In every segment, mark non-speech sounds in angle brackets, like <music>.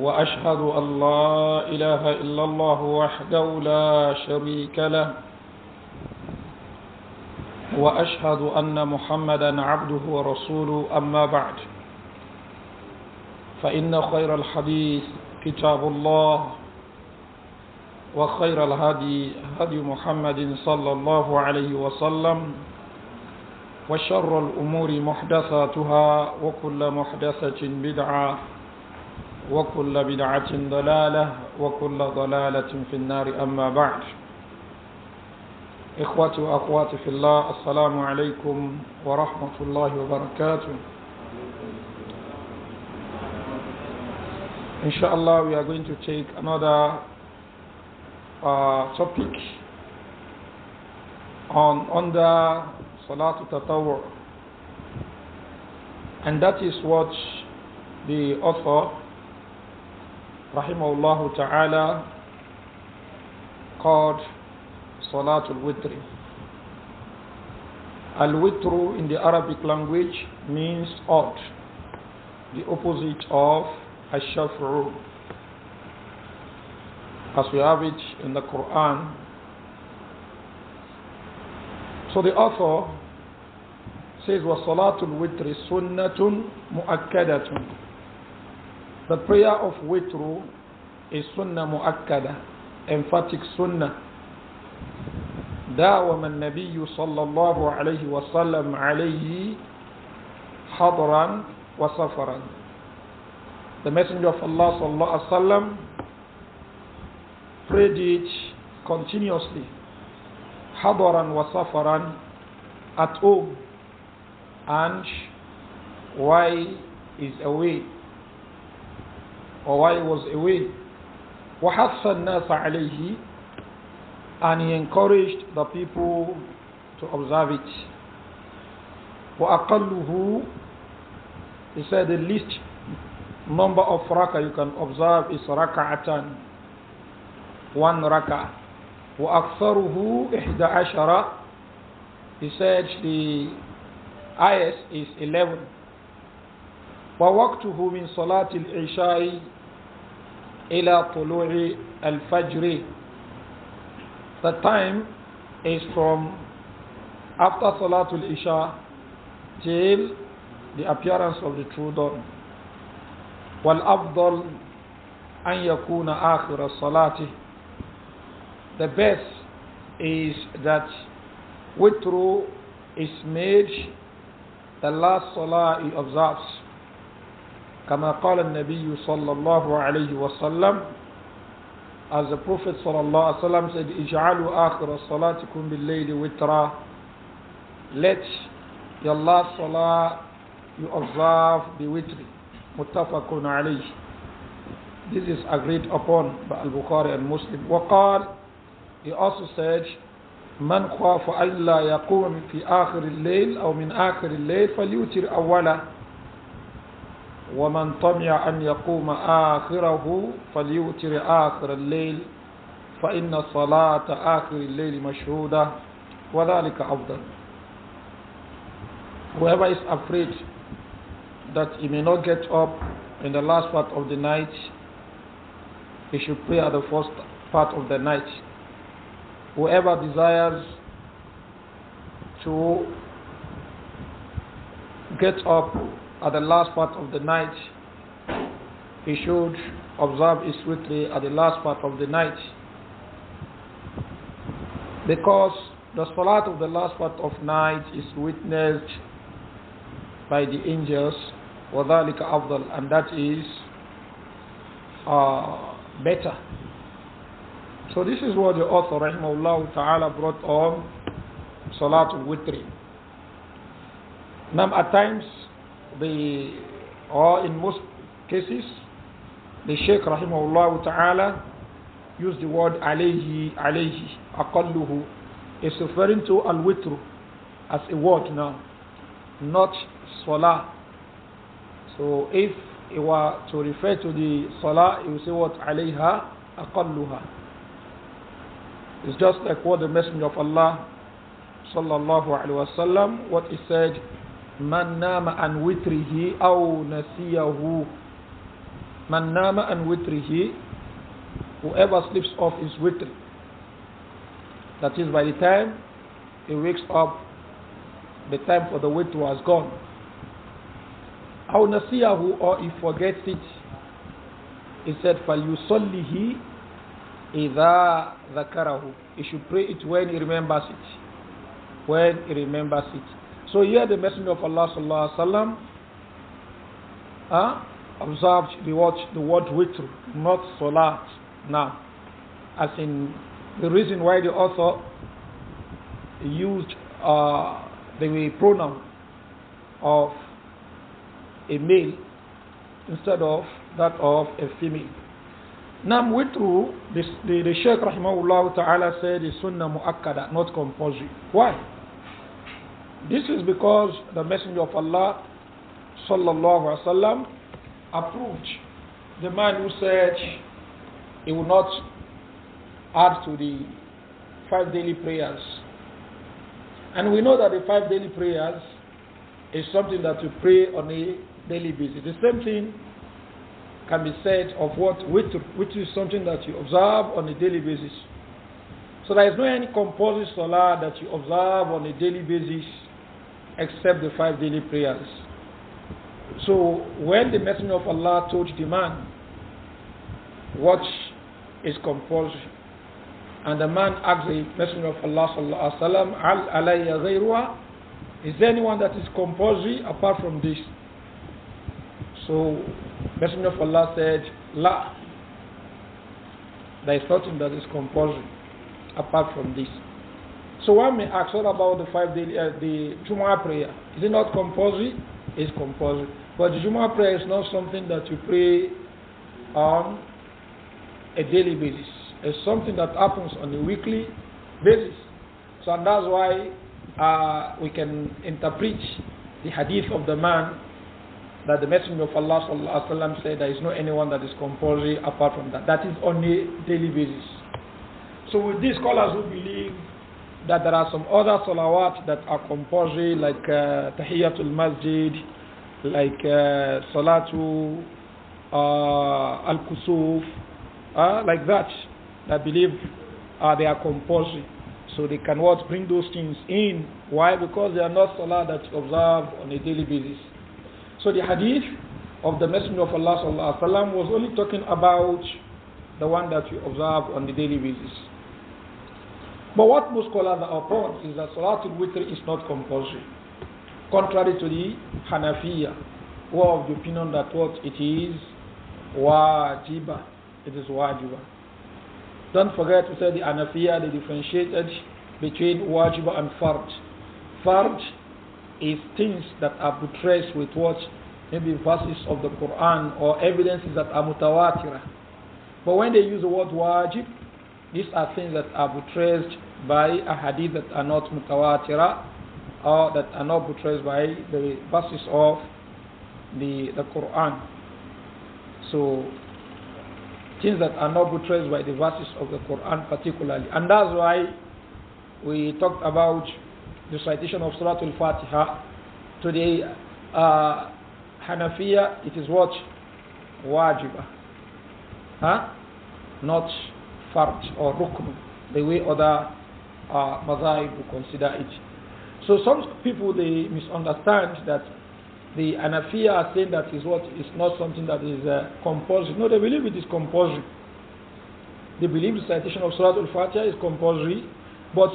واشهد ان لا اله الا الله وحده لا شريك له واشهد ان محمدا عبده ورسوله اما بعد فان خير الحديث كتاب الله وخير الهدي هدي محمد صلى الله عليه وسلم وشر الامور محدثاتها وكل محدثه بدعه وكل بدعة ضلالة وكل ضلالة في النار أما بعد إخوتي وأخواتي في الله السلام عليكم ورحمة الله وبركاته إن شاء الله we are going to take another uh, topic on under Salatul Tatawur and that is what the author rahimahullah ta'ala called Salatul witr al witr in the Arabic language means odd, the opposite of Ash-Shafru. As we have it in the Quran. So the author says, وَصَلَاةُ witr سُنَّةٌ مُؤَكَّدَةٌ the prayer of witru is sunnah mu'akkada, emphatic sunnah. داوم النبي صلى الله عليه وسلم عليه حضرا وسفرا The Messenger of Allah صلى الله عليه وسلم prayed it continuously حضرا وسفرا at home and while is away or while he was away. وَحَثَّ النَّاسَ عَلَيْهِ And he encouraged the people to observe it. وَأَقَلُّهُ He said the least number of raka you can observe is raka'atan. One raka. وَأَكْثَرُهُ إِحْدَى عشرة He said the highest is 11. ووقته من صلاة العشاء إلى طلوع الفجر The time is from after Salatul Isha till the appearance of the true dawn. والأفضل أن يكون آخر الصلاة The best is that witru is made the last salah he observes. كما قال النبي صلى الله عليه وسلم as the Prophet صلى الله عليه وسلم said اجعلوا آخر صلاتكم بالليل وترا let your last salah you observe the witri متفق عليه this is agreed upon by Al-Bukhari and Muslim وقال he also said من خاف ألا يقوم في آخر الليل أو من آخر الليل فليوتر أولا ومن طمع أن يقوم آخره فليوتر آخر الليل فإن صلاة آخر الليل مشهودة وذلك أفضل Whoever is afraid that he may not get up in the last part of the night, he should pray at the first part of the night. Whoever desires to get up at the last part of the night, he should observe his witr at the last part of the night. Because the salat of the last part of night is witnessed by the angels, وَذَلِكَ أَفْضَلُ And that is uh, better. So this is what the author, rahimahullah ta'ala, brought on Salatul Witri. Now at times the, or in most cases, the Sheikh rahimahullah ta'ala used the word alayhi, alayhi, akalluhu. is referring to al-witru as a word now, not salah. So if it were to refer to the salah, you say what alayha, akalluha. It's just like what the Messenger of Allah sallallahu alaihi wasallam, what he said من نام عن وتره أو نسيه من نام عن وتره whoever sleeps off his witr that is by the time he wakes up the time for the witr has gone أو نسيه or he forgets it he said فليصليه إذا ذكره he should pray it when he remembers it when he remembers it so here the Messenger of Allah sallallahu alaihi wasallam ah, observed the word the word witr, not salat. Now, as in the reason why the author used uh, the pronoun of a male instead of that of a female. Nam witru, the, the, the Sheikh Rahimahullah Ta'ala said is sunnah mu'akkada, not compulsory. Why? This is because the Messenger of Allah sallallahu alaihi wasallam approved the man who said he would not add to the five daily prayers. And we know that the five daily prayers is something that you pray on a daily basis. The same thing can be said of what witr, which is something that you observe on a daily basis. So there is no any composite salah that you observe on a daily basis except the five daily prayers. So when the Messenger of Allah told the man what is compulsory, and the man asked the Messenger of Allah sallallahu Is there anyone that is compulsory apart from this?" So Messenger of Allah said, "La." There is nothing that is compulsory apart from this. So one may ask, what about the five daily, uh, the Jumu'ah prayer? Is it not compulsory? It's compulsory. But the Jumu'ah prayer is not something that you pray on a daily basis. It's something that happens on a weekly basis. So and that's why uh, we can interpret the hadith of the man that the Messenger of Allah said there is no anyone that is compulsory apart from that. That is on a daily basis. So with these scholars who believe that there are some other salawat that are compulsory like uh, Tahiyatul Masjid, like uh, Salatu uh, Al-Kusuf, uh, like that, I believe uh, they are compulsory. So they can what, bring those things in. Why? Because they are not salah that observe on a daily basis. So the hadith of the Messenger of Allah sallallahu alaihi was only talking about the one that you observe on the daily basis. But what most scholars are upon is that Salatul Witr is not compulsory, contrary to the Hanafiya, who are of the opinion that what it is wajiba. It is wajiba. Don't forget to say the Hanafiya, they differentiated between wajiba and fard. Fard is things that are buttressed with what? Maybe verses of the Quran or evidences that are mutawatirah. But when they use the word wajib, these are things that are buttressed by a hadith that are not mutawatira or that are not buttressed by the verses of the, the Quran. So, things that are not buttressed by the verses of the Quran particularly. And that's why we talked about the citation of Surah Al-Fatiha to the uh, Hanafiya, it is what? wajibah, Huh? Not farj or rukn, the way other uh, would consider it. So some people they misunderstand that the Anafiya are saying that is what is not something that is uh, compulsory. No, they believe it is compulsory. They believe the citation of Surah Al-Fatiha is compulsory, but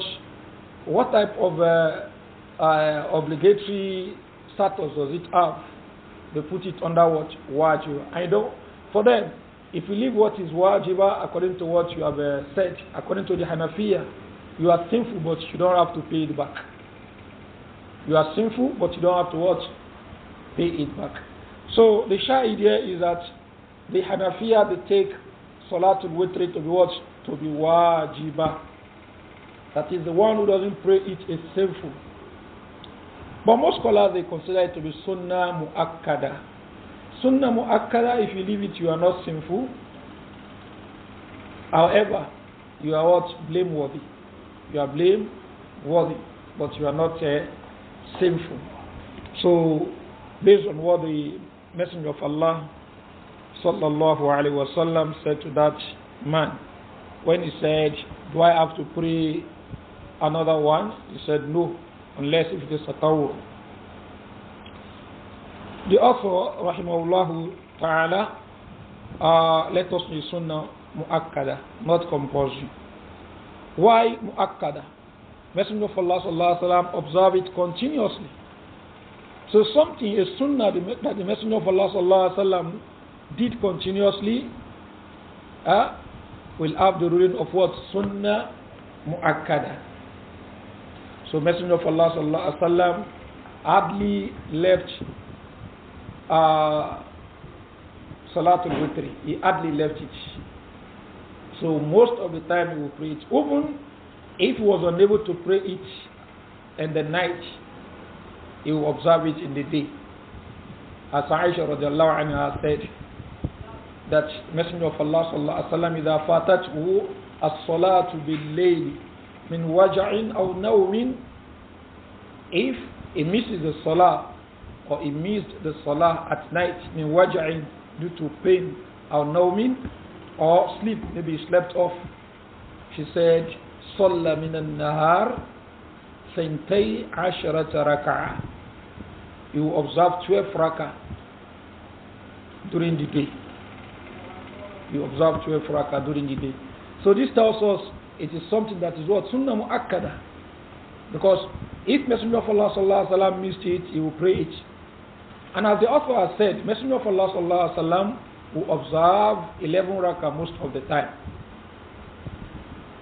what type of uh, uh, obligatory status does it have? They put it under what? Wajib. I know for them if you leave what is wajiba according to what you have uh, said, according to the Hanafiya, you are sinful but you don't have to pay it back. You are sinful but you don't have to what? Pay it back. So the Shah idea is that the Hanafiya they take Salatul Witri to be what? To be wajiba. That is the one who doesn't pray it is sinful. But most scholars they consider it to be sunnah muakkada Sunnah mu'akkada, if you leave it, you are not sinful. However, you are what? Blameworthy. You are blameworthy, but you are not uh, sinful. So, based on what the Messenger of Allah sallallahu alaihi wasallam said to that man, when he said, do I have to pray another one? He said, no, unless if it is a tawur. The author, rahimahullah ta'ala, uh, let us use sunnah mu'akkada, not compulsory. Why mu'akkada? Messenger of Allah sallallahu alaihi wasallam observe it continuously. So something is sunnah that the Messenger of Allah sallallahu alaihi wasallam did continuously uh, will have the ruling of what sunnah mu'akkada. So Messenger of Allah sallallahu alaihi wasallam hardly left uh, Salatul Witri. He hardly left it. So most of the time he will pray it. Even if he was unable to pray it in the night, he will observe it in the day. As Aisha radiallahu anha said, that Messenger of Allah sallallahu alaihi wasallam إذا to be بالليل min وجع أو nawmin. if he misses the salah or he missed the salah at night min waj'in due to pain or nawmin or sleep maybe he slept off she said min al-nahar, ثنتي عشرة ركعة you observe 12 rakah during the day you observe 12 rakah during the day so this tells us it is something that is what sunnah muakkada because if messenger of allah sallallahu alaihi wasallam missed it he will pray it and as the author has said, Messenger of Allah sallallahu alaihi wasallam will observe 11 rakah most of the time.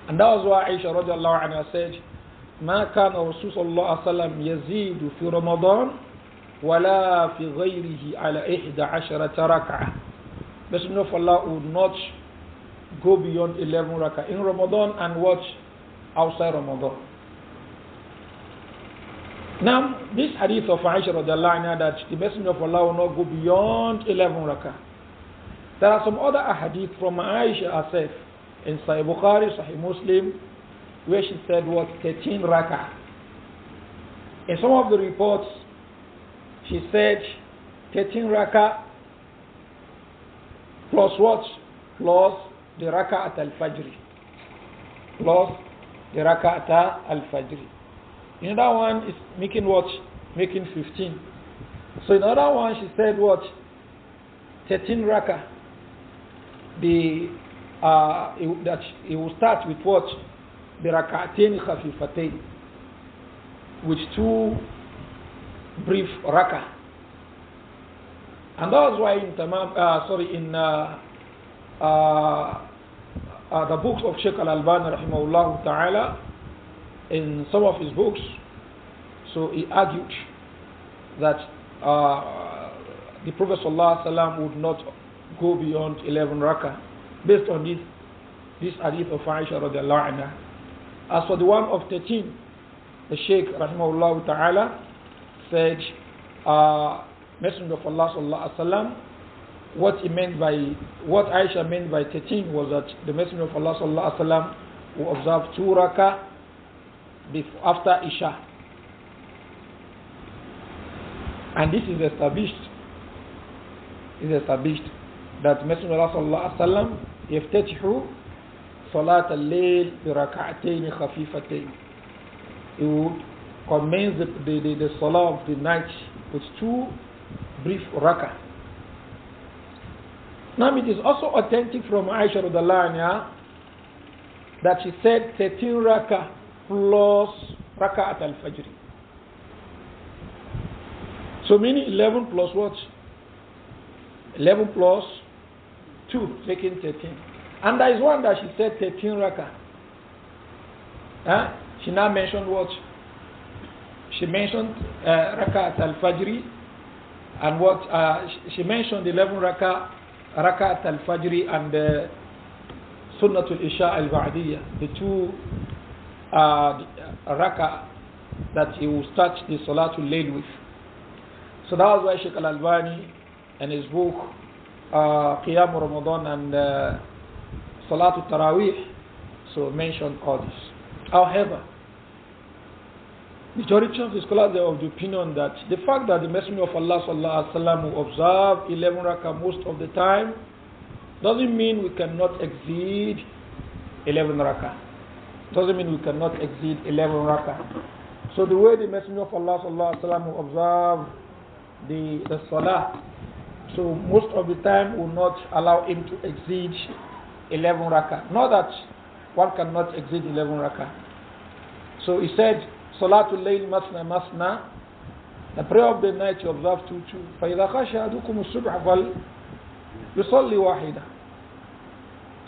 And that was why Aisha radiallahu anha said, ما كان رسول صلى الله عليه وسلم يزيد في رمضان ولا في غيره على إحدى عشرة ركعة Messenger of Allah would not go beyond 11 rakah in Ramadan and watch outside Ramadan. Now, this hadith of Aisha anha that the Messenger of Allah will not go beyond 11 rakah. There are some other ahadith from Aisha herself in Sahih Bukhari, Sahih Muslim, where she said what 13 rakah. In some of the reports, she said 13 rakah plus what? Plus the rakah at al-fajr. Plus the rakah at al-fajr. Another one is making what? Making 15. So in another one, she said what? 13 raka. The, uh, that it will start with what? The rakatain khafifatain. With two brief raka. And that's why in Tamam, uh, sorry, in uh, uh, uh the books of Sheikh Al-Albani rahimahullah ta'ala, in some of his books, so he argued that uh, the Prophet ﷺ would not go beyond 11 rakah. Based on this, this hadith of Aisha As for the one of 13, the Sheikh rahimahullah ta'ala said, uh, Messenger of Allah sallallahu what he meant by, what Aisha meant by 13 was that the Messenger of Allah sallallahu who observed two rakah before, after Isha. And this is established. Is established that Messenger of Allah sallallahu alaihi salat al-layl bi rak'atayn khafifatayn. He would commence the, the, the, the salah of the night with two brief rak'ah. Now it is also authentic from Aisha anha that she said 13 rak'ah plus rakaat al Fajr. So meaning 11 plus what? 11 plus 2, making 13. And there is one that she said 13 rakaat. Huh? She now mentioned what? She mentioned uh, al Fajr and what? Uh, she mentioned 11 rakaat rakaat al Fajr and uh, Sunnatul Isha al Ba'diyah, the two uh, raka that he will start the Salatul Layl with. So that was why Sheikh Al Albani and his book uh, Qiyam Ramadan and uh, Salatul Taraweeh so mentioned all this. However, majority of the scholars are of the opinion that the fact that the Messenger of Allah sallallahu alaihi wasallam will observe 11 rakah most of the time doesn't mean we cannot exceed 11 rakah doesn't mean we cannot exceed 11 rak'ah. So the way the Messenger of Allah sallallahu observed the, the salah, so most of the time will not allow him to exceed 11 rak'ah. Not that one cannot exceed 11 rak'ah. So he said, Salatul Layl Masna Masna, the prayer of the night you observe two, two. فَإِذَا خَشَ أَدُكُمُ الصُّبْحَ فَلْيُصَلِّ وَاحِدًا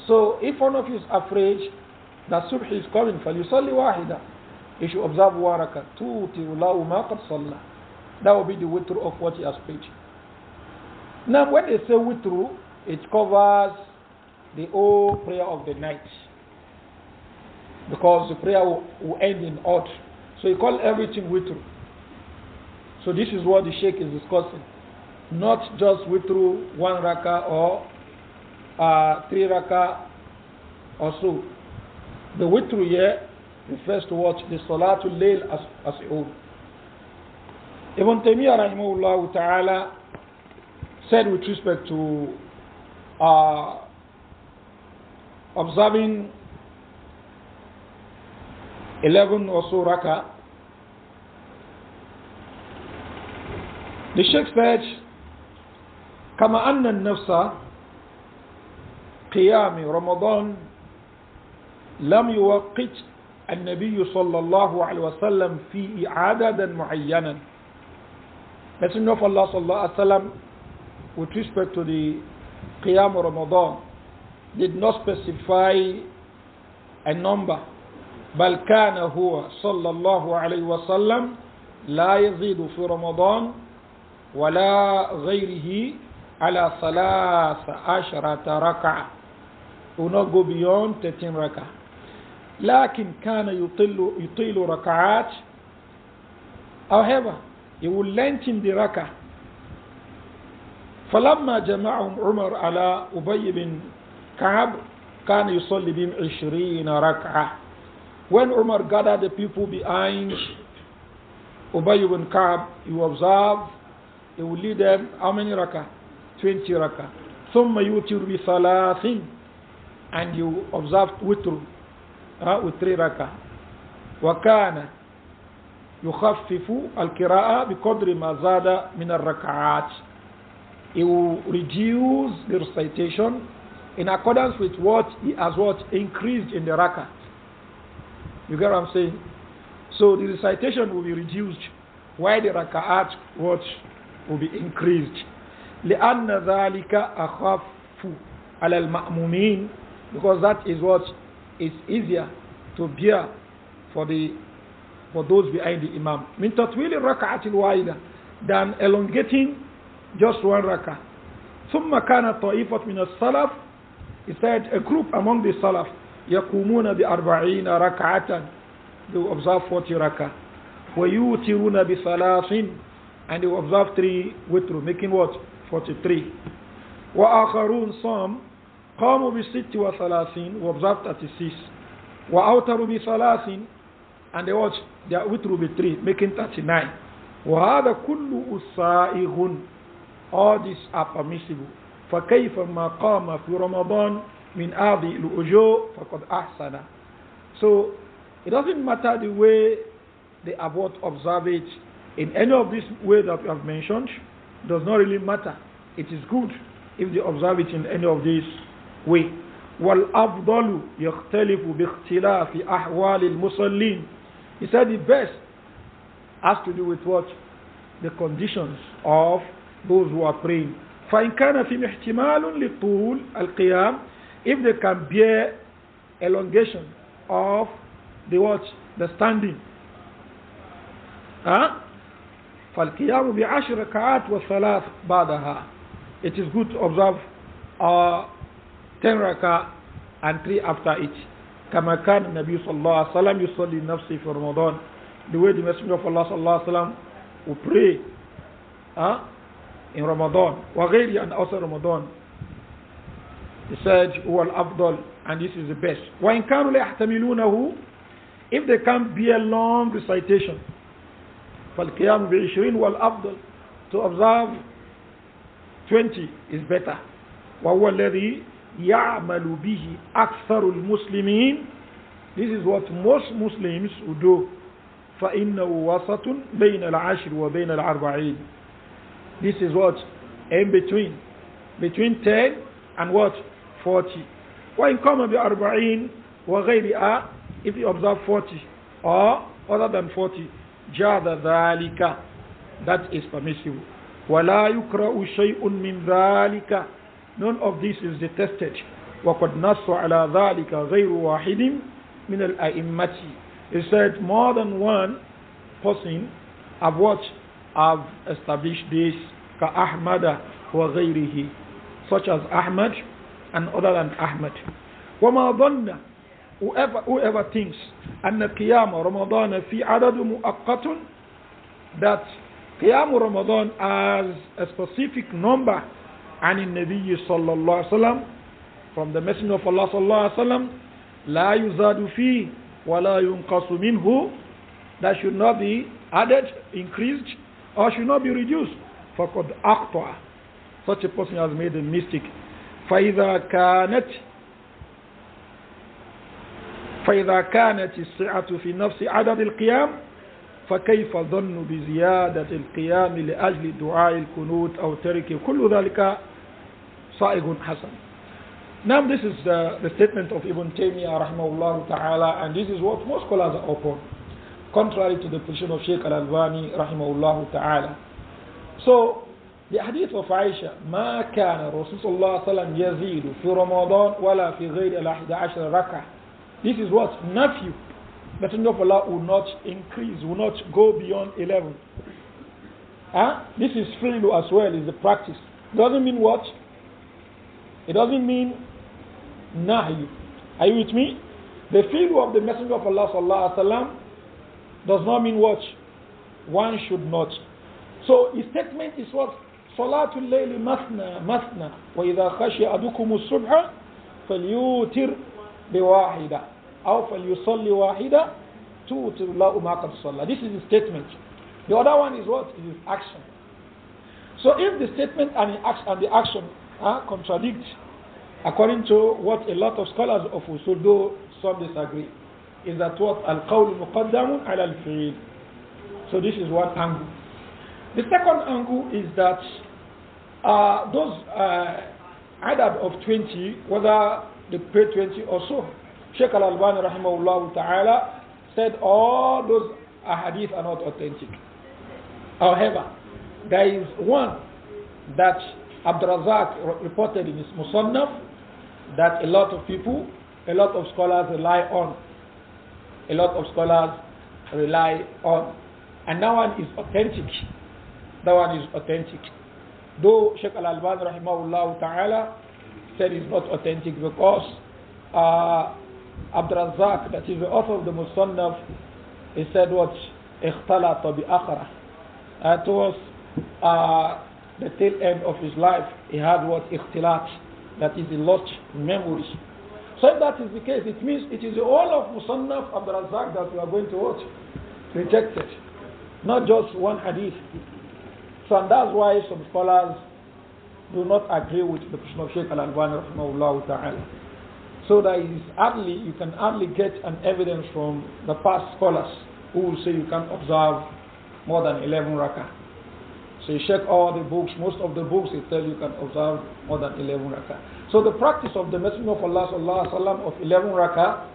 So if one of you is afraid, that subh is coming, فَلْيُصَلِّ وَاحِدًا He should observe one rakat. تُوْتِرُ لَهُ مَا قَدْ صَلَّى That will be the witr of what he has prayed. Now when they say witr, it covers the whole prayer of the night. Because the prayer will, will end in odd. So he call everything witr. So this is what the sheikh is discussing. Not just witr, one raka or uh, three raka or so. The witr here refers to what? The Salatul Layl as, as a whole. Ibn Taymiyyah rahimahullah ta'ala said with respect to uh, observing 11 or so raka. The Sheikh said, كما أن النفس قيام رمضان لم يوقت النبي صلى الله عليه وسلم في عددا معينا بس of Allah صلى الله عليه وسلم with respect to the قيام رمضان did not specify a number بل كان هو صلى الله عليه وسلم لا يزيد في رمضان ولا غيره على ثلاث عشرة ركعة ونقو بيون تتين ركعة لكن كان يطيل يطيل ركعات however he will lengthen the rakah فلما جمعهم عمر على أبي بن كعب كان يصلي بهم عشرين ركعة when Umar gathered the people behind Ubay ibn Ka'b, he observed he will lead them how many rakah? 20 rakah. ثم يوتر بثلاث and you observe witr with three وكان يخفف القراءة بقدر ما زاد من الركعات he will reduce the recitation in accordance with what he has what increased in the rak'ah you get what I'm saying so the recitation will be reduced while the rak'at what will be increased لأن ذلك أخف على المأمومين because that is what is easier to bear for the for those behind the imam. Min tatwili raka'atil wahida than elongating just one rak'ah. Some كان طائفة من minas he said a group among the salaf يقومون بأربعين rakaatan they will observe 40 rak'ah bi بثلاث and they will observe three witru making what 43 Wa akharun some قاموا بالست وثلاثين وأوتروا بثلاثين and they watch their witru with three making 39 وهذا كله سائغ all these are permissible فكيف ما قام في رمضان من هذه الأجور فقد أحسن so it doesn't matter the way they abort observe it in any of this way that you have mentioned does not really matter it is good if they observe it in any of these و والأفضل يختلف باختلاف أحوال المصلين He said the best has to do with what? The conditions of those who are praying. فإن كان في احتمال للطول القيام if they can bear elongation of the what the standing. ها Huh? فالقيام بعشر ركعات وثلاث بعدها. It is good to observe uh, 10 raka and 3 after each. كما كان النبي صلى الله عليه وسلم يصلي نفسه في رمضان the way the messenger of Allah صلى الله عليه وسلم will pray huh? Ah, in Ramadan وغيره and also Ramadan he said هو الأفضل and this is the best وإن كانوا لا يحتملونه if they can't bear long recitation فالقيام بعشرين والأفضل to observe 20 is better وهو الذي يعمل به أكثر المسلمين This is what most Muslims will do فإنه وسط بين العشر وبين الأربعين This is what in between between 10 and what 40 وإن قام بأربعين وغيرها if you observe 40 or other than 40 جاد ذلك that is permissible ولا يكره شيء من ذلك None of this is detested. وَقَدْ نَصَّ عَلَى ذَلِكَ غَيْرُ وَاحِدٍ مِنَ الْأَئِمَّةِ He said more than one person have what? Have established this كَأَحْمَدَ وَغَيْرِهِ Such as Ahmad and other than Ahmad. وَمَا ظَنَّ whoever, whoever thinks أن قيام رمضان في عدد مؤقت that قيام Ramadan as a specific number عن النبي صلى الله عليه وسلم from the messenger of Allah صلى الله عليه وسلم لا يزاد فيه ولا ينقص منه that should not be added, increased or should not be reduced فقد أقطع such a person has made a mistake فإذا كانت فإذا كانت السعة في نفس عدد القيام فكيف ظن بزيادة القيام لأجل دعاء الكنوت أو تركه كل ذلك صائغ حسن Now this is the, the statement of Ibn Taymiyyah rahmahullah ta'ala and this is what most scholars are upon contrary to the position of Sheikh Al-Albani rahmahullah ta'ala. So the hadith of Aisha ما كان رسول الله صلى الله عليه وسلم يزيد في رمضان ولا في غير الأحد عشر ركعة This is what? Nephew Messenger of Allah will not increase, will not go beyond 11. Huh? Ah, this is freely as well, is the practice. It doesn't mean what? It doesn't mean nahi. Are you with me? The filu of the Messenger of Allah sallallahu alaihi wasallam does not mean what? One should not. So his statement is what? Salatul layli masna masna wa idha khashiya Adukumu subha falyutir biwahida. أو فليصلي واحدة توتر ما قد صلى This is the statement. The other one is what? It is action. So if the statement and the action, and the action uh, contradict according to what a lot of scholars of Usul do, some disagree, is that what? Al-Qawlu muqaddamun ala al-fi'il. So this is one angle. The second angle is that uh, those uh, adab of 20, whether they pray 20 or so, Sheikh Al-Albani rahimahullah ta'ala said all those ahadith are not authentic. However, there is one that Abdurazak reported in his Musannaf that a lot of people, a lot of scholars rely on. A lot of scholars rely on. And that one is authentic. That one is authentic. Though Sheikh Al-Albani, rahimahullah ta'ala said it's not authentic because uh, Abdrazak, that is the author of the Musannaf, he said what? اختلط بأخرة. Uh, towards uh, the tail end of his life, he had what? اختلاط. That is he lost memory. So if that is the case, it means it is the all of Musannaf Abdrazak that we are going to watch. Rejected. Not just one hadith. So and that's why some scholars do not agree with the position of Sheikh Al-Albani ta'ala. So that it is hardly, you can hardly get an evidence from the past scholars who will say you can observe more than 11 rakah. So you check all the books, most of the books they tell you can observe more than 11 rakah. So the practice of the Messenger of Allah sallallahu alaihi wasallam of 11 rakah,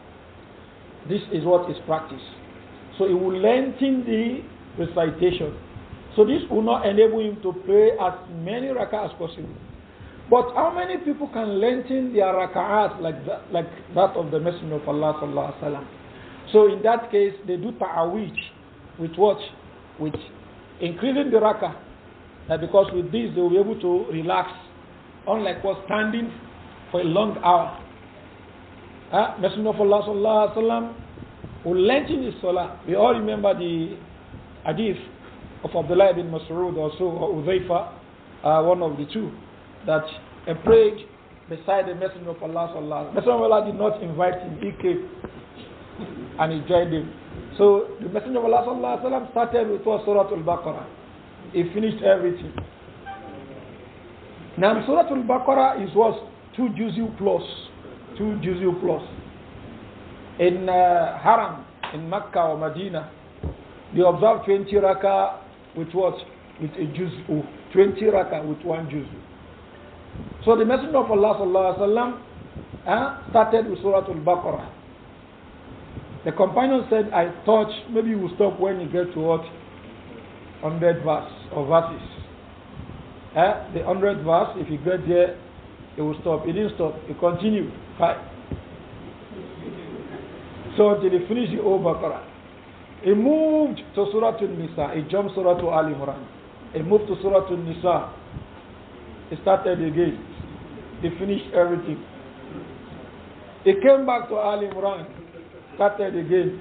this is what is practiced. So it will lengthen the recitation. So this will not enable him to pray as many rakah as possible. But how many people can lengthen their raka'at like that, like that of the Messenger of Allah sallallahu alaihi wasallam? So in that case, they do ta'awij with what? With increasing the rakah. Uh, because with this, they will be able to relax, unlike what standing for a long hour. Uh, Messenger of Allah sallallahu alaihi wasallam will lengthen his salah. We all remember the hadith of Abdullah ibn Mas'ud or so, or Uzaifa, uh, one of the two that a prayed beside the messenger of Allah. Sallallahu messenger of Allah did not invite him, he came and he joined him. So the messenger of Allah sallallahu sallam, started with Surah Al Baqarah. He finished everything. Now Surah Al Baqarah is what? Two juzu plus. Two juzu plus. In uh, Haram, in Mecca or Medina, they observe 20 rakah with what? With a juzu. 20 rakah with one juzu. So the Messenger of Allah sallallahu alaihi wasallam eh, started with Surah Al-Baqarah. The companion said, I thought maybe you will stop when you get to what? 100 verse or verses. Eh, the 100 verse, if you get there, it will stop. It didn't stop. It continued. Five. So until he finished the whole Baqarah. He moved to Surah Al-Nisa. He jumped Surah Al-Imran. He moved to Surah Al-Nisa. He started again. They finished everything. They came back to Al Imran, started again.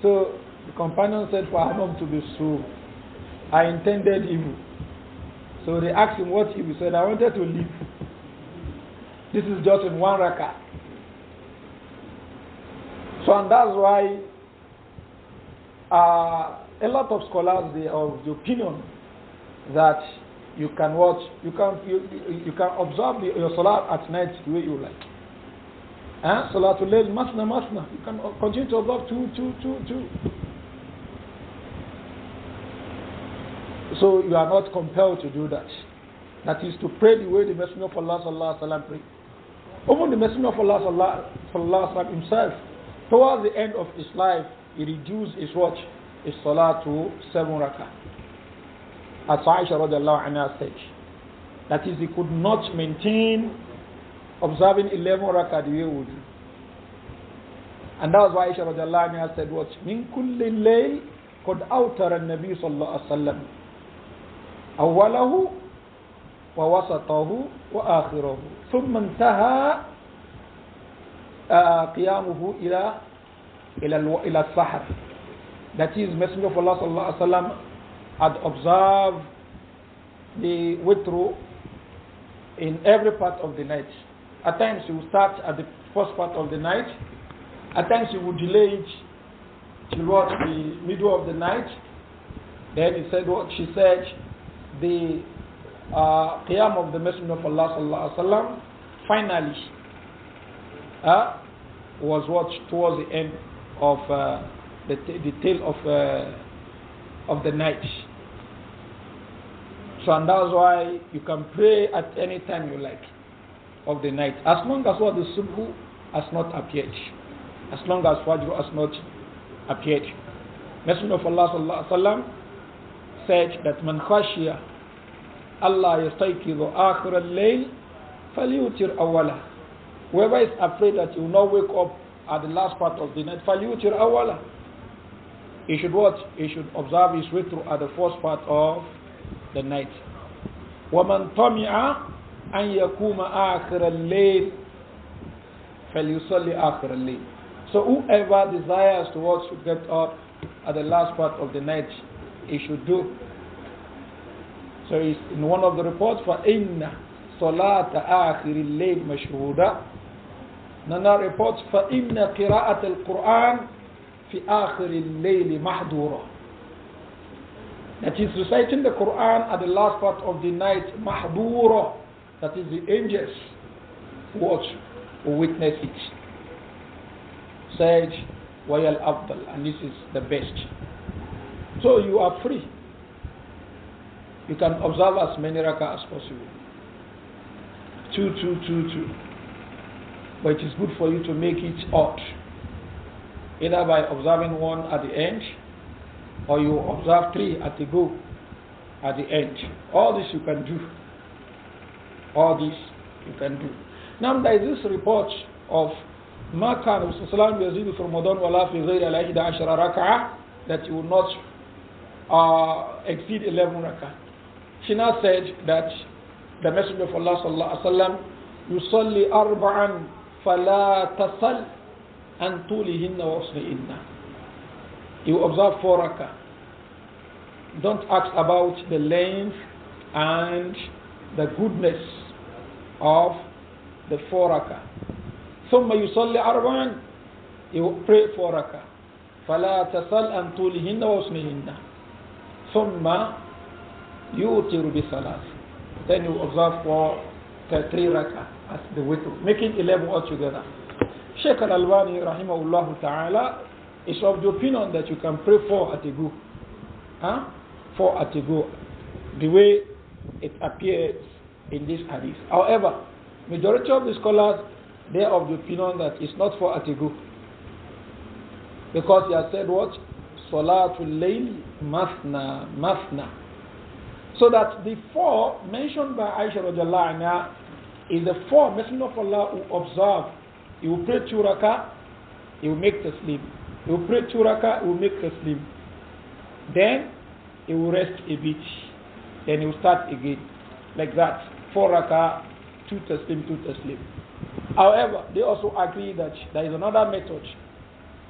So the companion said for Adam to be so. I intended evil. So they asked him what evil. He said, I wanted to leave. This is just in one rakah. So and that's why uh, a lot of scholars they are of the opinion that you can watch, you can you, you can observe your salah at night the way you like. Huh? Salatul Layl, masna, masna. You can continue to observe two, two, two, two. So you are not compelled to do that. That is to pray the way the Messenger of Allah sallallahu alaihi wasallam prayed. Even the Messenger of Allah sallallahu alaihi wasallam himself, towards the end of his life, he reduced his watch, his salah to seven rakah as Aisha said. That is, he could not maintain observing 11 rakah the way we do. And that was why Aisha radiallahu said, What? Min kulli layl could awtara an-nabi sallallahu alaihi wasallam. Awalahu wa wasatahu wa akhirahu. Thumma intaha uh, qiyamuhu ila ila ila sahar. That is Messenger of Allah sallallahu alaihi wasallam had observed the witr in every part of the night. At times he would start at the first part of the night. At times he would delay it till the middle of the night. Then he said what she said, the uh, qiyam of the Messenger of Allah sallallahu alaihi wasallam finally uh, was watched towards the end of uh, the, the tail of, uh, of the night. So and that's why you can pray at any time you like of the night, as long as what the subhu has not appeared, as long as Fajr has not appeared. Messenger of Allah sallallahu said that man khashiya Allah yastaykidu akhir al-layl falyutir awwala. Whoever is afraid that he will not wake up at the last part of the night, falyutir awala. He should watch, he should observe his way through at the first part of the night. وَمَنْ طَمِعَ أَنْ يقوم آخِرَ اللَّيْلِ فليصلي آخِرَ اللَّيْلِ So whoever desires to watch to get up at the last part of the night, he should do. So it's in one of the reports, فَإِنَّ صَلَاةَ آخِرِ اللَّيْلِ مَشْهُودَةً Another reports, فَإِنَّ قِرَاءَةَ الْقُرْآنِ في آخر الليل محظورة That is reciting the Quran at the last part of the night, Mahbura, that is the angels who watch, who witness it. Said, Wayal Abdul, and this is the best. So you are free. You can observe as many rakah as possible. Two, two, two, two. But it is good for you to make it odd. Either by observing one at the end or you observe three at the go, at the end. All this you can do. All this you can do. Now there is this report of ما كان الرسول صلى الله عليه وسلم يزيد في that you will not uh, exceed 11 rakah. She now said that the Messenger of Allah sallallahu alaihi wasallam يصلي أربعا فلا تصل عن طولهن inna. You observe four rakah. Don't ask about the length and the goodness of the four rakah. ثم يصلي أربعا he will pray four rakah فلا تسل عن طولهن وحسنهن ثم يوتر بثلاث then you observe for three rakah as the witr making 11 altogether Sheikh Al-Albani rahimahullah ta'ala is of the opinion that you can pray four at a go huh? four at a go, the way it appears in this hadith. However, majority of the scholars they are of the opinion that it's not four at a go. Because they have said what? Salatul Layl Masna Masna. So that the four mentioned by Aisha anha is the four Messenger of Allah who observe. He will pray two rakah, he will make sleep. He will pray two rakah, he will make sleep. Then he will rest a bit, then he will start again. Like that, four raka, two taslim, two taslim. However, they also agree that there is another method,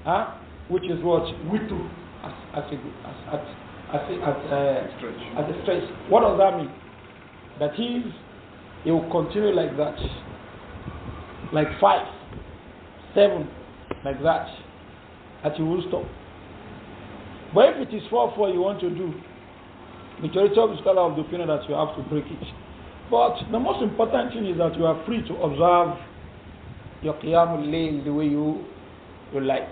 huh? which is what? Witu, as, as, a, as, as, as, as, a, uh, as a stretch. What does that mean? That is, it will continue like that, like five, seven, like that, that it will stop. But if it is 4-4 you want to do, majority of the scholars of the opinion that you have to break it. But the most important thing is that you are free to observe your Qiyamul Layl the way you, you like.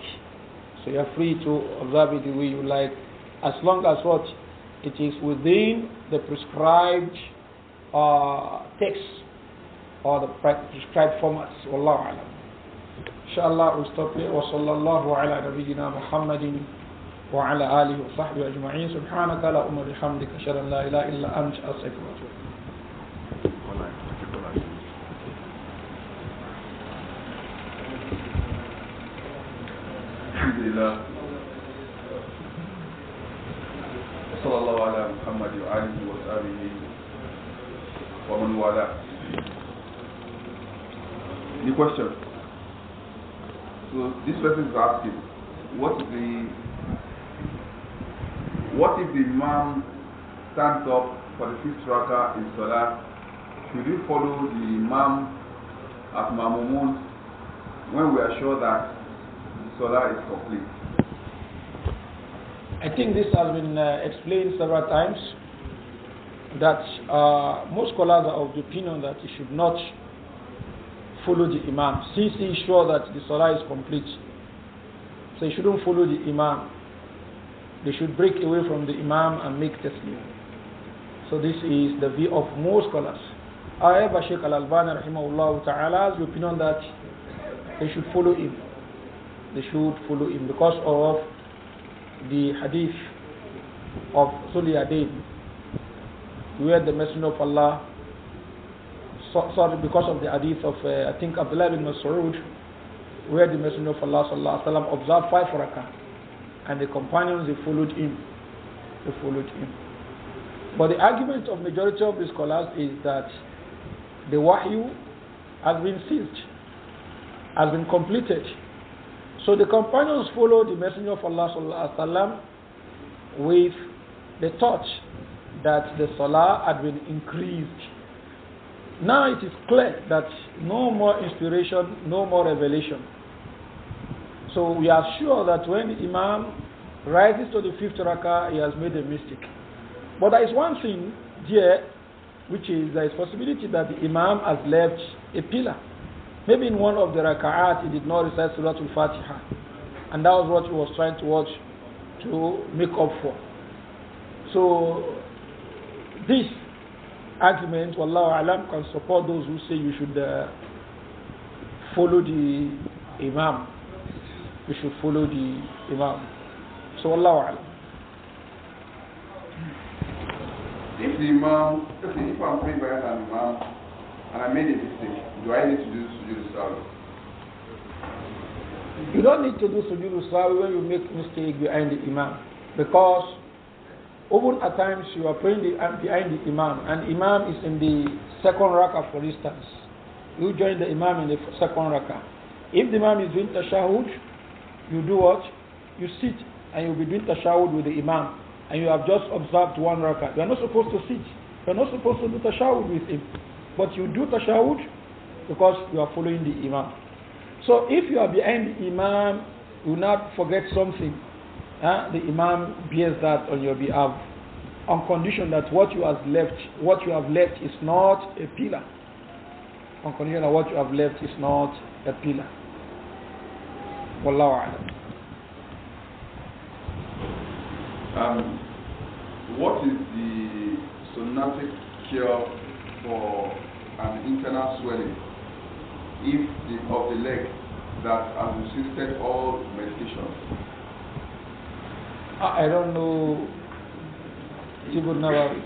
So you are free to observe it the way you like, as long as what it is within the prescribed uh, text or the prescribed formats. Wallahu alam. Inshallah, we stop here. Wa sallallahu ala nabiyyina Muhammadin. وعلى آله وصحبه أجمعين سبحانك اللهم بحمدك أشهد أن لا إله إلا أنت أستغفرك وأتوب الحمد لله وصلى الله على محمد وآله وصحبه ومن والاه The question. So this person is asking, what is the what if the Imam stands up for the fifth rakah in Salah? Should we follow the Imam at Mamumun when we are sure that the Salah is complete? I think this has been uh, explained several times that uh, most scholars are of the opinion that you should not follow the Imam since he is sure that the Salah is complete. So you shouldn't follow the Imam they should break away from the Imam and make taslim. So this is the view of most scholars. However, Sheikh Al-Albani rahimahullah ta'ala's opinion that they should follow him. They should follow him because of the hadith of Suliyadin where the Messenger of Allah sorry, because of the hadith of uh, I think Abdullah bin Mas'ud where the Messenger of Allah sallallahu alaihi wasallam observed five rakah and the companions they followed him. They followed him. But the argument of majority of the scholars is that the wahyu has been ceased, has been completed. So the companions followed the Messenger of Allah sallallahu alaihi wasallam with the thought that the salah had been increased. Now it is clear that no more inspiration, no more revelation. So we are sure that when the Imam rises to the fifth rakah, he has made a mistake. But there is one thing here, which is there is possibility that the Imam has left a pillar. Maybe in one of the raka'at he did not recite Surah Al-Fatiha. And that was what he was trying to watch to make up for. So this argument, Wallahu Alam, can support those who say you should uh, follow the Imam we should follow the Imam. So Allah Alam. If the Imam, if I'm praying better than Imam and I made a mistake, do I need to do sujood sawi? You don't need to do sujood sawi when you make mistake behind the Imam because even at times you are praying the, behind the Imam and Imam is in the second rakah for instance. You join the Imam in the second rakah. If the Imam is doing tashahud, you do what? You sit and you'll be doing tashawud with the imam and you have just observed one rakah. You are not supposed to sit. You are not supposed to do tashawud with him. But you do tashawud because you are following the imam. So if you are behind the imam, you not forget something. The imam bears that on your behalf on condition that what you have left, what you have left is not a pillar. On condition that what you have left is not a pillar. والله أعلم um, What is the sonatic cure for an internal swelling if the, of the leg that has resisted all medications? I don't know. You would never.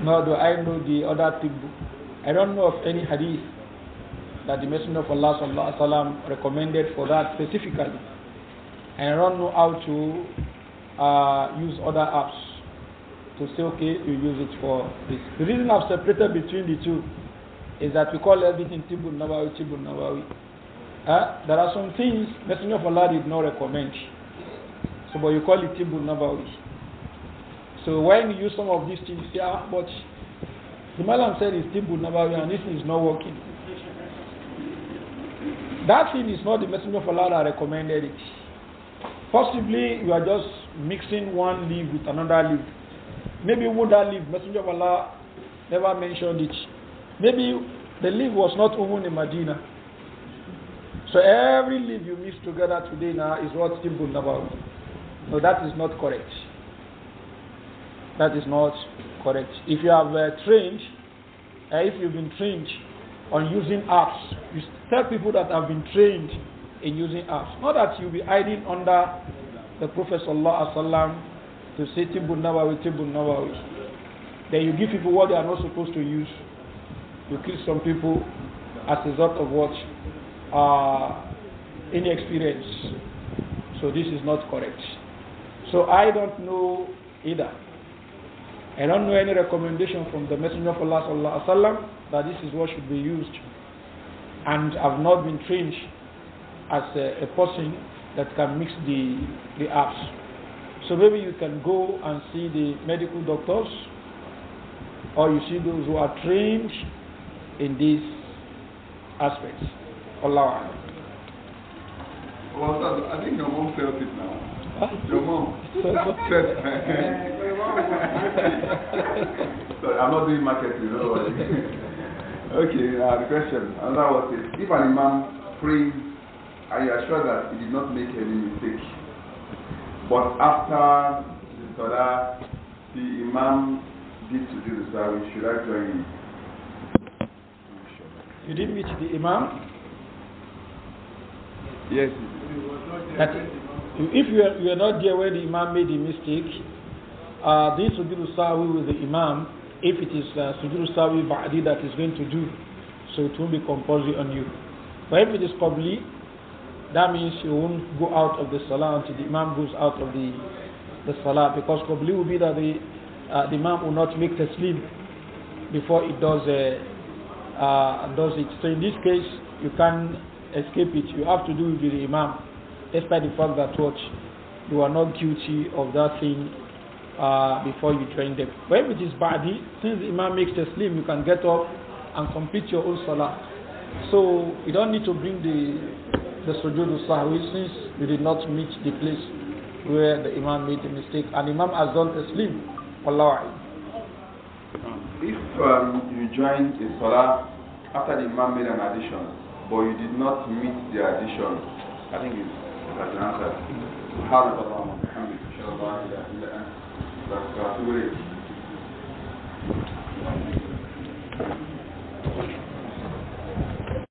<laughs> Nor do I know the other thing. I don't know of any hadith that the Messenger of Allah sallallahu sallam, recommended for that specifically. And I don't know how to uh, use other apps to say, okay, you use it for this. The reason I've separated between the two is that we call everything Tibul Nawawi, Tibul Nawawi. Uh, there are some things Messenger of Allah did not recommend. So, but you call it Tibul Nawawi. So when you use some of these things, yeah, but the Malam said it's Tibul Nawawi and this is not working. That thing is not the messenger of Allah that recommended it. Possibly you are just mixing one leaf with another leaf. Maybe would that leaf, messenger of Allah never mentioned it. Maybe the leaf was not even in Medina. So every leaf you mix together today now is what Timbul Nabawi. No, that is not correct. That is not correct. If you have uh, trained, uh, if you've been trained on using apps. You tell people that have been trained in using apps. Not that you'll be hiding under the Prophet sallam, to say Timbun Nawawi, Timbun Nawawi. Then you give people what they are not supposed to use. You kill some people as a result of what? Uh, inexperience. So this is not correct. So I don't know either. I don't know any recommendation from the Messenger of Allah sallallahu alaihi wasallam that this is what should be used. And I've not been trained as a, a person that can mix the the apps. So maybe you can go and see the medical doctors, or you see those who are trained in these aspects. Allah. Well, I think I'm all felt it now. <laughs> Sorry, I'm not doing marketing. No <laughs> okay, uh, the question. Another was it. If an imam prays, are you assured that he did not make any mistake? But after the salah, the imam did to do the salah, should I join him? You did not meet the imam? Yes. That, if you are, you are not there where the Imam made the mistake, uh, this sujood sawi with the Imam, if it is uh, sujood sawi ba'di that is going to do, so it won't be compulsory on you. But if it is qabli, that means you won't go out of the salah until the Imam goes out of the, the salah because qabli will be that the, uh, the Imam will not make the sleep before it does, uh, uh, does it. So in this case, you can escape it. You have to do it with the Imam despite the fact that what you are not guilty of that thing uh, before you join them. But if it is badi, since the imam makes the sleep, you can get up and complete your own salah. So you don't need to bring the the sujood sahwi since you did not meet the place where the imam made the mistake. And imam has done the sleep. Wallahu If um, you join the salah after the imam made an addition, but you did not meet the addition, I think it's الآخر سبحانك اللهم أن لا إله إلا أنت أستغفرك